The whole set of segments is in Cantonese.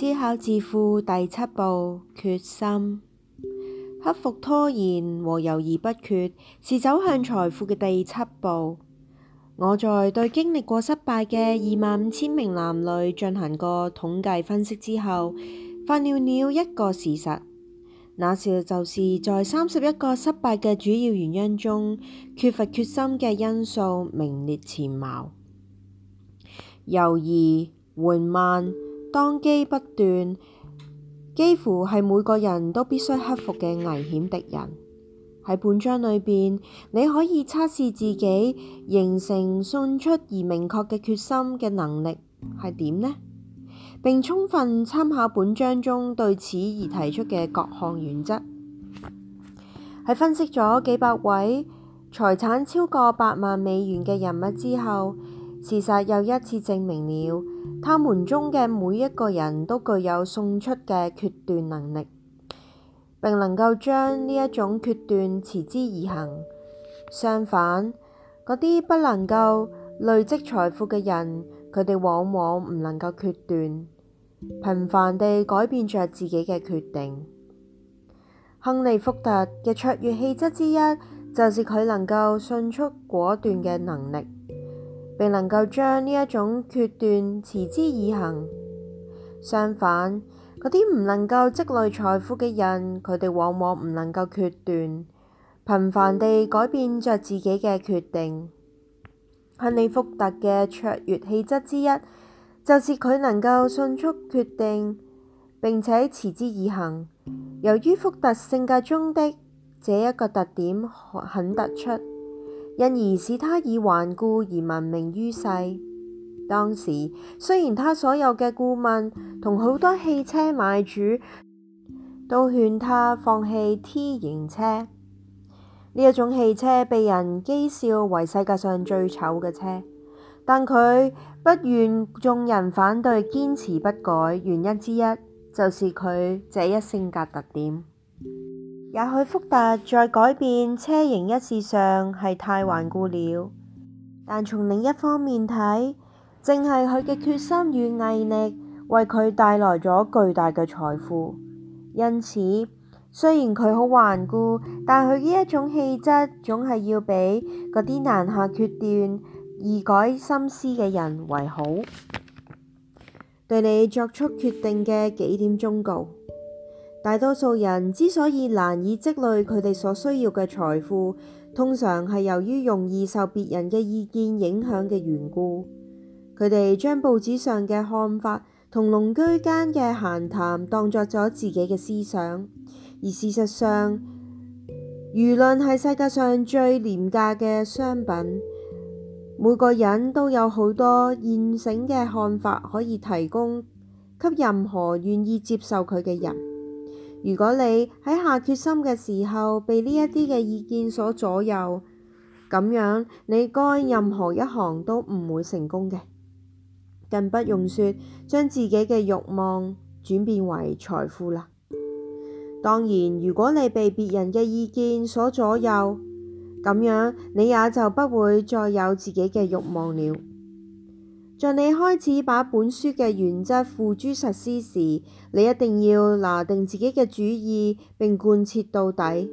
思考致富第七步：決心。克服拖延和猶豫不決是走向財富嘅第七步。我在對經歷過失敗嘅二萬五千名男女進行過統計分析之後，發現了一個事實，那時就是在三十一個失敗嘅主要原因中，缺乏決心嘅因素名列前茅。猶豫、緩慢。當機不斷，幾乎係每個人都必須克服嘅危險敵人。喺本章裏邊，你可以測試自己形成迅速而明確嘅決心嘅能力係點呢？並充分參考本章中對此而提出嘅各項原則。喺分析咗幾百位財產超過百萬美元嘅人物之後。事實又一次證明了，他們中嘅每一個人都具有送出嘅決斷能力，並能夠將呢一種決斷持之以恆。相反，嗰啲不能夠累積財富嘅人，佢哋往往唔能夠決斷，頻繁地改變着自己嘅決定。亨利福特嘅卓越氣質之一，就是佢能夠迅速果斷嘅能力。並能夠將呢一種決斷持之以恒。相反，嗰啲唔能夠積累財富嘅人，佢哋往往唔能夠決斷，頻繁地改變着自己嘅決定。亨利·福特嘅卓越氣質之一，就是佢能夠迅速決定，並且持之以恒。由於福特性格中的這一個特點很突出。因而使他以頑固而聞名於世。當時雖然他所有嘅顧問同好多汽車買主都勸他放棄 T 型車，呢一種汽車被人譏笑為世界上最醜嘅車，但佢不願眾人反對，堅持不改。原因之一就是佢這一性格特點。也許福特在改變車型一事上係太頑固了，但從另一方面睇，正係佢嘅決心與毅力為佢帶來咗巨大嘅財富。因此，雖然佢好頑固，但佢呢一種氣質總係要比嗰啲難下決斷、易改心思嘅人為好。對你作出決定嘅幾點忠告。大多數人之所以難以積累佢哋所需要嘅財富，通常係由於容易受別人嘅意見影響嘅緣故。佢哋將報紙上嘅看法同鄰居間嘅閒談當作咗自己嘅思想，而事實上，輿論係世界上最廉價嘅商品。每個人都有好多現成嘅看法可以提供給任何願意接受佢嘅人。如果你喺下決心嘅時候被呢一啲嘅意見所左右，咁樣你幹任何一行都唔會成功嘅，更不用說將自己嘅慾望轉變為財富啦。當然，如果你被別人嘅意見所左右，咁樣你也就不會再有自己嘅慾望了。在你開始把本書嘅原則付諸實施時，你一定要拿定自己嘅主意並貫徹到底。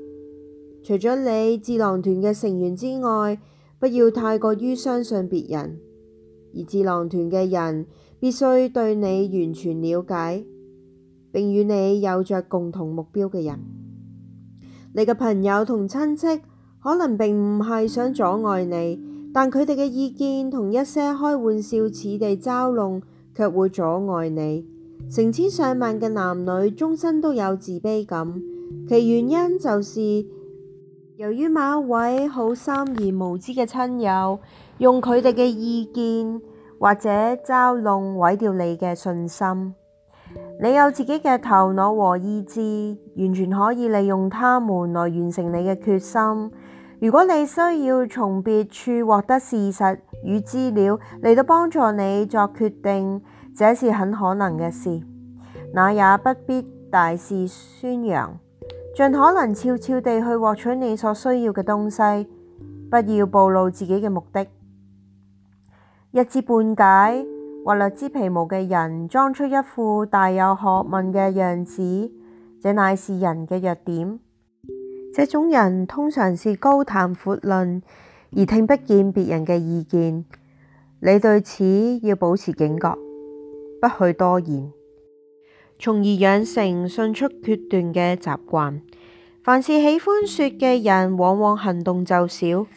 除咗你智囊團嘅成員之外，不要太過於相信別人。而智囊團嘅人必須對你完全了解，並與你有着共同目標嘅人。你嘅朋友同親戚可能並唔係想阻礙你。但佢哋嘅意見同一些開玩笑似地嘲弄，卻會阻礙你。成千上萬嘅男女終身都有自卑感，其原因就是由於某一位好心而無知嘅親友用佢哋嘅意見或者嘲弄毀掉你嘅信心。你有自己嘅頭腦和意志，完全可以利用他們來完成你嘅決心。如果你需要從別處獲得事實與資料嚟到幫助你作決定，這是很可能嘅事，那也不必大肆宣揚，盡可能悄悄地去獲取你所需要嘅東西，不要暴露自己嘅目的。一知半解或略知皮毛嘅人，裝出一副大有學問嘅樣子，這乃是人嘅弱點。這種人通常是高談闊論，而聽不見別人嘅意見。你對此要保持警覺，不許多言，從而養成迅速決斷嘅習慣。凡是喜歡說嘅人，往往行動就少。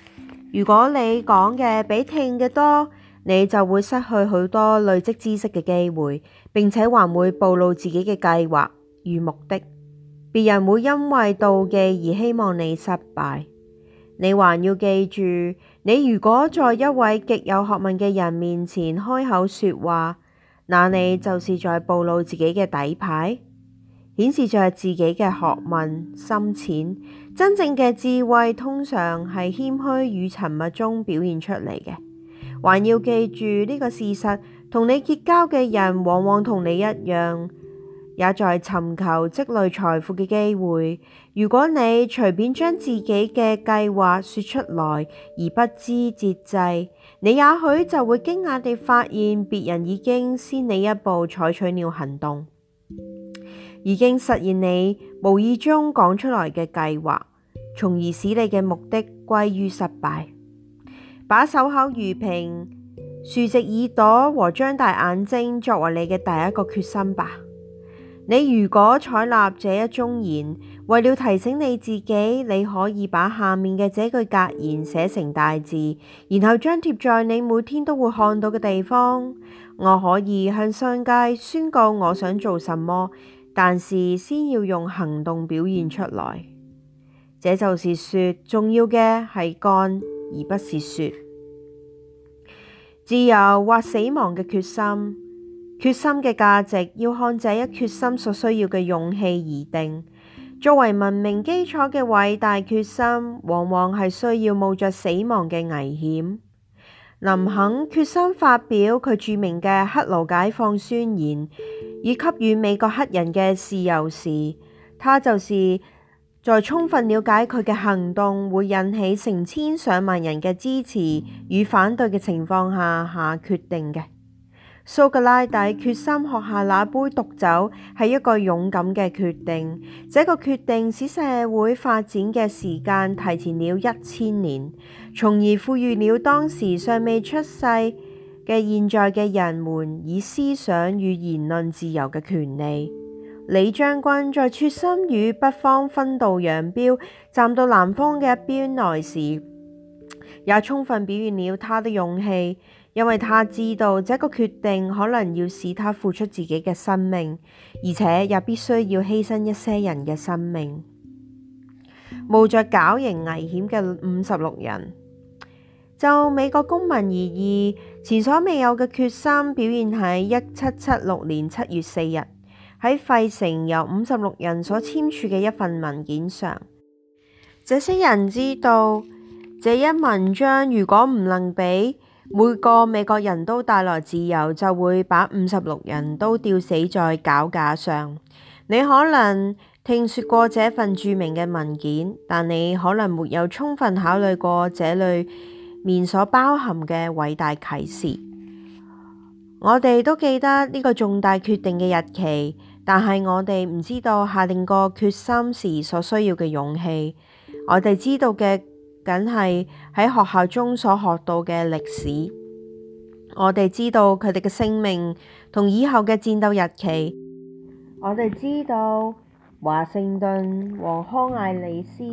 如果你講嘅比聽嘅多，你就會失去許多累積知識嘅機會，並且還會暴露自己嘅計劃與目的。別人會因為妒忌而希望你失敗。你還要記住，你如果在一位極有學問嘅人面前開口說話，那你就是在暴露自己嘅底牌，顯示着自己嘅學問深淺。真正嘅智慧通常係謙虛與沉默中表現出嚟嘅。還要記住呢個事實，同你結交嘅人，往往同你一樣，也在尋求積累財富嘅機會。如果你隨便將自己嘅計劃說出來，而不知節制，你也許就會驚訝地發現，別人已經先你一步採取了行動，已經實現你無意中講出來嘅計劃，從而使你嘅目的歸於失敗。把守口如瓶、豎直耳朵和張大眼睛作為你嘅第一個決心吧。你如果採納這一忠言，為了提醒你自己，你可以把下面嘅這句格言寫成大字，然後張貼在你每天都會看到嘅地方。我可以向上界宣告我想做什麼，但是先要用行動表現出來。這就是說，重要嘅係幹，而不是說。自由或死亡嘅決心。決心嘅價值要看這一決心所需要嘅勇氣而定。作為文明基礎嘅偉大決心，往往係需要冒着死亡嘅危險。林肯決心發表佢著名嘅黑奴解放宣言，以給予美國黑人嘅自由時，他就是在充分了解佢嘅行動會引起成千上萬人嘅支持與反對嘅情況下下決定嘅。蘇格拉底決心喝下那杯毒酒，係一個勇敢嘅決定。這個決定使社會發展嘅時間提前了一千年，從而賦予了當時尚未出世嘅現在嘅人們以思想與言論自由嘅權利。李將軍在決心與北方分道揚鑣，站到南方嘅一邊來時，也充分表現了他的勇氣。因為他知道這個決定可能要使他付出自己嘅生命，而且也必須要犧牲一些人嘅生命。冒着絞刑危險嘅五十六人，就美國公民而言，前所未有嘅決心表現喺一七七六年七月四日喺費城由五十六人所簽署嘅一份文件上。這些人知道，這一文章如果唔能俾。每個美國人都帶來自由，就會把五十六人都吊死在絞架上。你可能聽説過這份著名嘅文件，但你可能沒有充分考慮過這裏面所包含嘅偉大啟示。我哋都記得呢個重大決定嘅日期，但係我哋唔知道下定個決心時所需要嘅勇氣。我哋知道嘅。緊係喺學校中所學到嘅歷史，我哋知道佢哋嘅姓名同以後嘅戰鬥日期，我哋知道華盛頓和康艾里斯，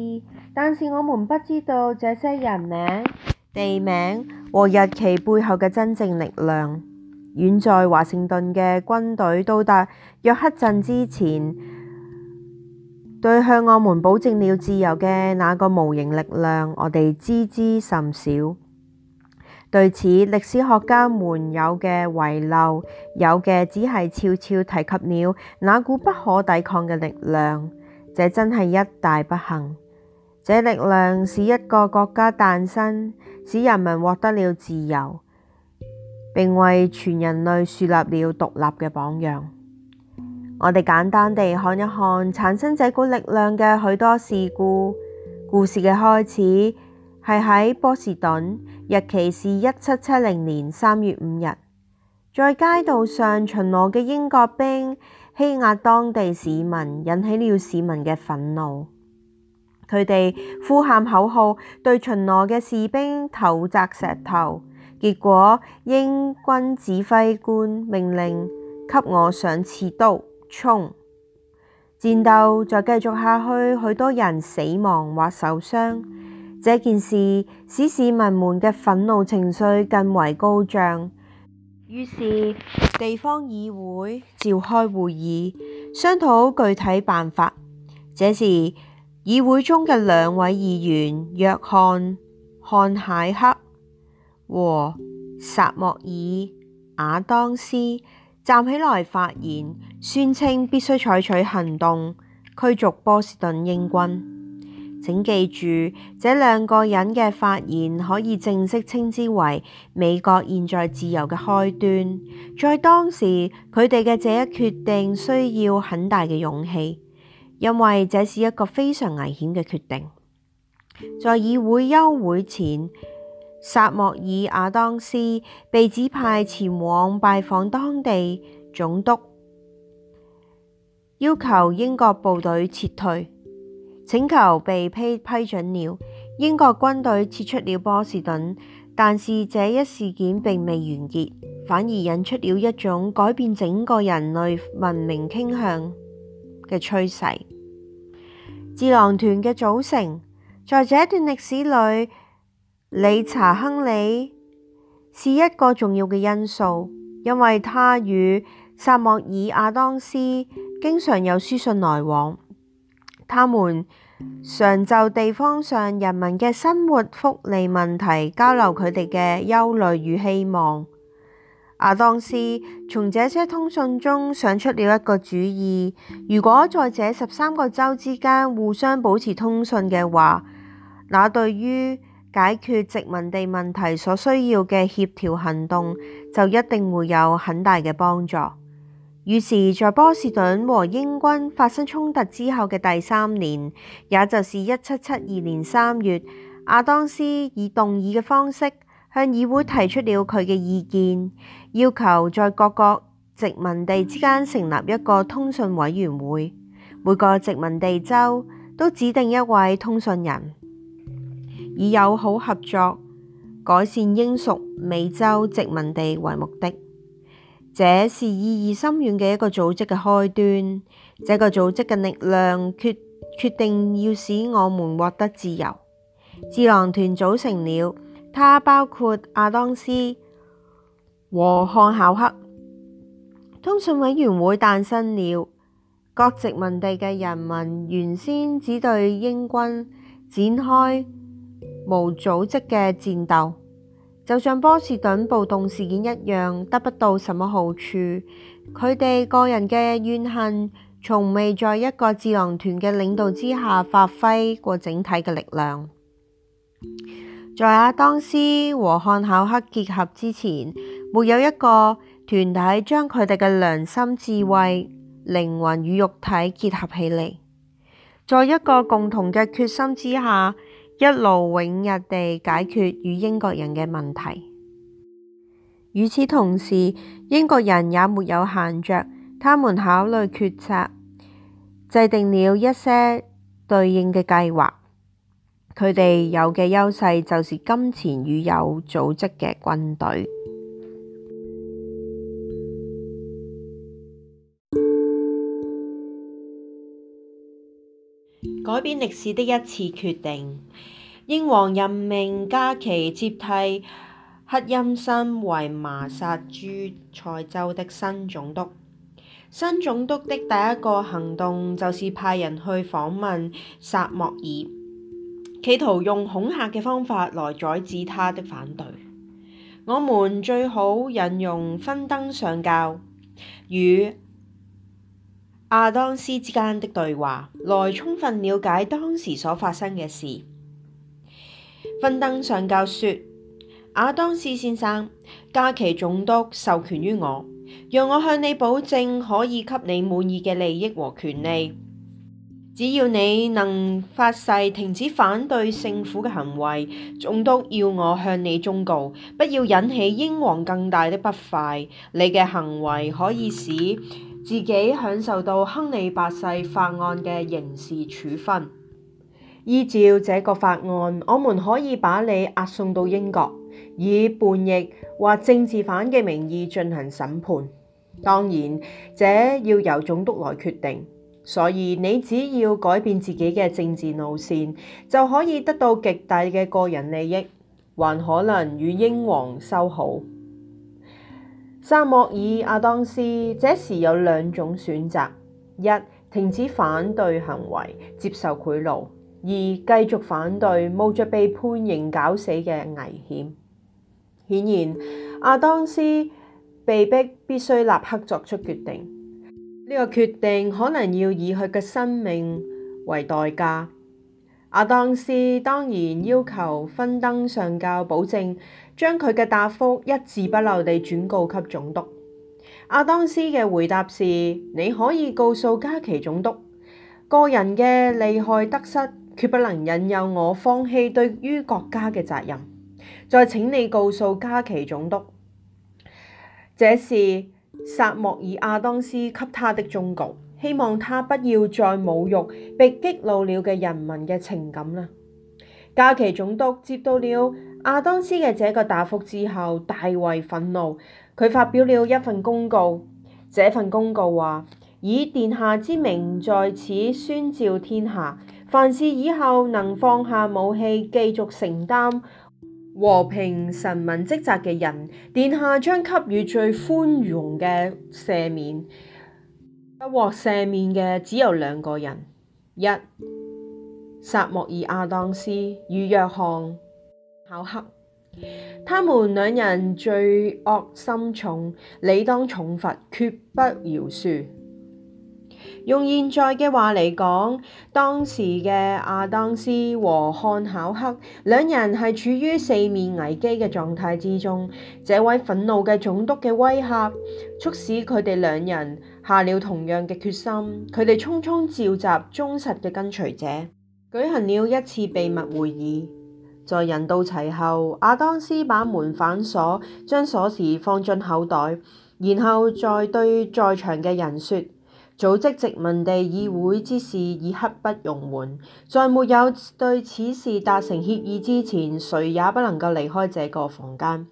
但是我們不知道這些人名、地名和日期背後嘅真正力量。遠在華盛頓嘅軍隊到達約克鎮之前。對向我們保證了自由嘅那個無形力量，我哋知之甚少。對此，歷史學家們有嘅遺漏，有嘅只係悄悄提及了那股不可抵抗嘅力量。這真係一大不幸。這力量使一個國家誕生，使人民獲得了自由，並為全人類樹立了獨立嘅榜樣。我哋簡單地看一看產生這股力量嘅許多事故。故事嘅開始係喺波士頓，日期是一七七零年三月五日。在街道上巡邏嘅英國兵欺壓當地市民，引起了市民嘅憤怒。佢哋呼喊口號，對巡邏嘅士兵投擲石頭。結果，英軍指揮官命令給我上刺刀。衝戰鬥再繼續下去，許多人死亡或受傷。這件事使市民們嘅憤怒情緒更為高漲。於是地方議會召開會議，商討具體辦法。這時，議會中嘅兩位議員約翰漢海克和薩莫爾亞當斯。站起來發言，宣稱必須採取行動驅逐波士頓英軍。請記住，這兩個人嘅發言可以正式稱之為美國現在自由嘅開端。在當時，佢哋嘅這一決定需要很大嘅勇氣，因為這是一個非常危險嘅決定。在議會休會前。薩莫爾·亞當斯被指派前往拜訪當地總督，要求英國部隊撤退，請求被批批准了。英國軍隊撤出了波士頓，但是這一事件並未完結，反而引出了一種改變整個人類文明傾向嘅趨勢。智囊團嘅組成，在這段歷史裏。理查亨利是一個重要嘅因素，因為他與薩莫爾亞當斯經常有書信來往。他們常就地方上人民嘅生活福利問題交流佢哋嘅憂慮與希望。亞當斯從這些通訊中想出了一個主意：如果在這十三個州之間互相保持通訊嘅話，那對於，解決殖民地問題所需要嘅協調行動，就一定會有很大嘅幫助。於是，在波士頓和英軍發生衝突之後嘅第三年，也就是一七七二年三月，亞當斯以動議嘅方式向議會提出了佢嘅意見，要求在各國殖民地之間成立一個通訊委員會，每個殖民地州都指定一位通訊人。以友好合作改善英屬美洲殖民地為目的，這是意義深遠嘅一個組織嘅開端。這個組織嘅力量決，決定要使我們獲得自由。智囊團組成了，它包括亞當斯和漢考克。通訊委員會誕生了。各殖民地嘅人民原先只對英軍展開。無組織嘅戰鬥，就像波士頓暴動事件一樣，得不到什麼好處。佢哋個人嘅怨恨，從未在一個智囊團嘅領導之下發揮過整體嘅力量。在亞當斯和漢考克結合之前，沒有一個團體將佢哋嘅良心、智慧、靈魂與肉體結合起嚟，在一個共同嘅決心之下。一路勞永逸地解決與英國人嘅問題。與此同時，英國人也沒有閒着，他們考慮決策，制定了一些對應嘅計劃。佢哋有嘅優勢就是金錢與有組織嘅軍隊。改變歷史的一次決定，英皇任命加奇接替克欽森為麻薩諸塞州的新總督。新總督的第一個行動就是派人去訪問薩莫爾，企圖用恐嚇嘅方法來阻止他的反對。我們最好引用分登上教與阿當斯之間的對話，來充分了解當時所發生嘅事。芬登上校說：阿當斯先生，加奇總督授權於我，讓我向你保證可以給你滿意嘅利益和權利。只要你能發誓停止反對政府嘅行為，總督要我向你忠告，不要引起英皇更大的不快。你嘅行為可以使自己享受到亨利八世法案嘅刑事處分。依照這個法案，我們可以把你押送到英國，以叛逆或政治犯嘅名義進行審判。當然，這要由總督來決定。所以，你只要改變自己嘅政治路線，就可以得到極大嘅個人利益，還可能與英皇修好。薩莫爾·阿當斯這時有兩種選擇：一，停止反對行為，接受賄賂；二，繼續反對，冒着被判刑絞死嘅危險。顯然，阿當斯被逼必須立刻作出決定，呢、這個決定可能要以佢嘅生命為代價。阿當斯當然要求芬登上校保證，將佢嘅答覆一字不漏地轉告給總督。阿當斯嘅回答是：你可以告訴加奇總督，個人嘅利害得失，決不能引誘我放棄對於國家嘅責任。再請你告訴加奇總督，這是薩莫爾阿當斯給他的忠告。希望他不要再侮辱被激怒了嘅人民嘅情感啦。加奇總督接到了阿當斯嘅這個答覆之後，大為憤怒。佢發表了一份公告，這份公告話：以殿下之名在此宣召天下，凡是以後能放下武器，繼續承擔和平臣民職責嘅人，殿下將給予最寬容嘅赦免。不獲赦免嘅只有兩個人，一撒莫爾·亞當斯與約翰·考克，他們兩人罪惡深重，理當重罰，決不饒恕。用現在嘅話嚟講，當時嘅亞當斯和漢考克兩人係處於四面危機嘅狀態之中。這位憤怒嘅總督嘅威嚇，促使佢哋兩人下了同樣嘅決心。佢哋匆匆召集忠實嘅跟隨者，舉行了一次秘密會議。在人到齊後，亞當斯把門反鎖，將鎖匙放進口袋，然後再對在場嘅人說。組織殖民地議會之事已刻不容緩，在沒有對此事達成協議之前，誰也不能夠離開這個房間。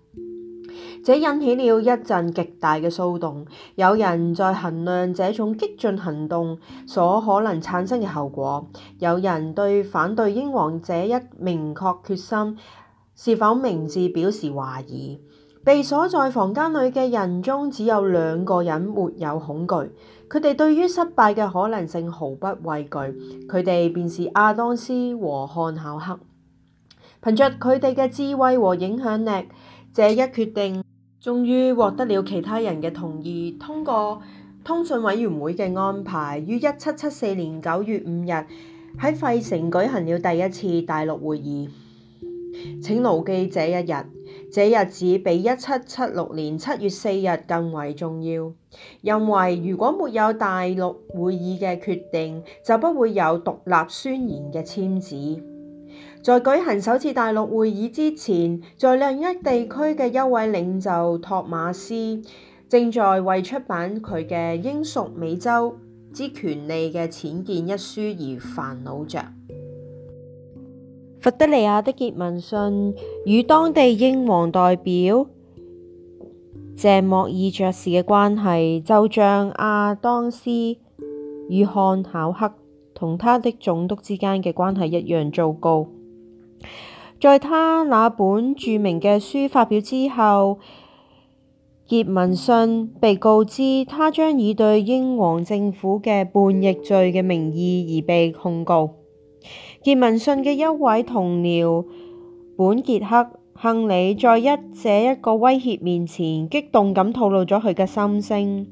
這引起了一陣極大嘅騷動，有人在衡量這種激進行動所可能產生嘅後果，有人對反對英皇這一明確決心是否明智表示懷疑。被鎖在房間裏嘅人中，只有兩個人沒有恐懼。佢哋對於失敗嘅可能性毫不畏懼，佢哋便是亞當斯和漢考克。憑着佢哋嘅智慧和影響力，這一決定終於獲得了其他人嘅同意。通過通訊委員會嘅安排，於一七七四年九月五日喺費城舉行了第一次大陸會議。請牢記這一日。這日子比一七七六年七月四日更為重要，因為如果沒有大陸會議嘅決定，就不會有獨立宣言嘅簽字。在舉行首次大陸會議之前，在另一地區嘅一位領袖托馬斯正在為出版佢嘅《英屬美洲之權利》嘅淺見一書而煩惱着。佛得利亞的傑文信與當地英皇代表謝莫爾爵士嘅關係，就像亞當斯與漢考克同他的總督之間嘅關係一樣糟糕。在他那本著名嘅書發表之後，傑文信被告知他將以對英皇政府嘅叛逆罪嘅名義而被控告。傑文信嘅一位同僚本傑克亨利，在一這一個威脅面前，激動咁透露咗佢嘅心聲。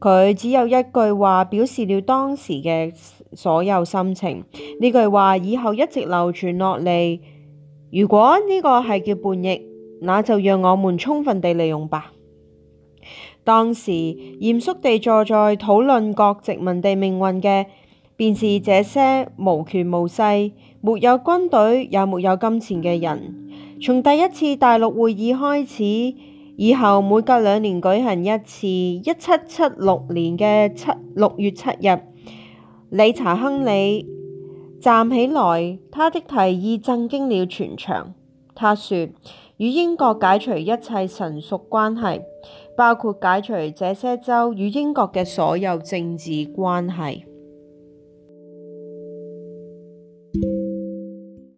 佢只有一句話表示了當時嘅所有心情。呢句話以後一直流傳落嚟。如果呢個係叫叛逆，那就讓我們充分地利用吧。當時嚴肅地坐在討論各殖民地命運嘅。便是這些無權無勢，沒有軍隊也沒有金錢嘅人，從第一次大陸會議開始，以後每隔兩年舉行一次。一七七六年嘅七六月七日，理查亨利站起來，他的提議震驚了全場，他說與英國解除一切臣屬關係，包括解除這些州與英國嘅所有政治關係。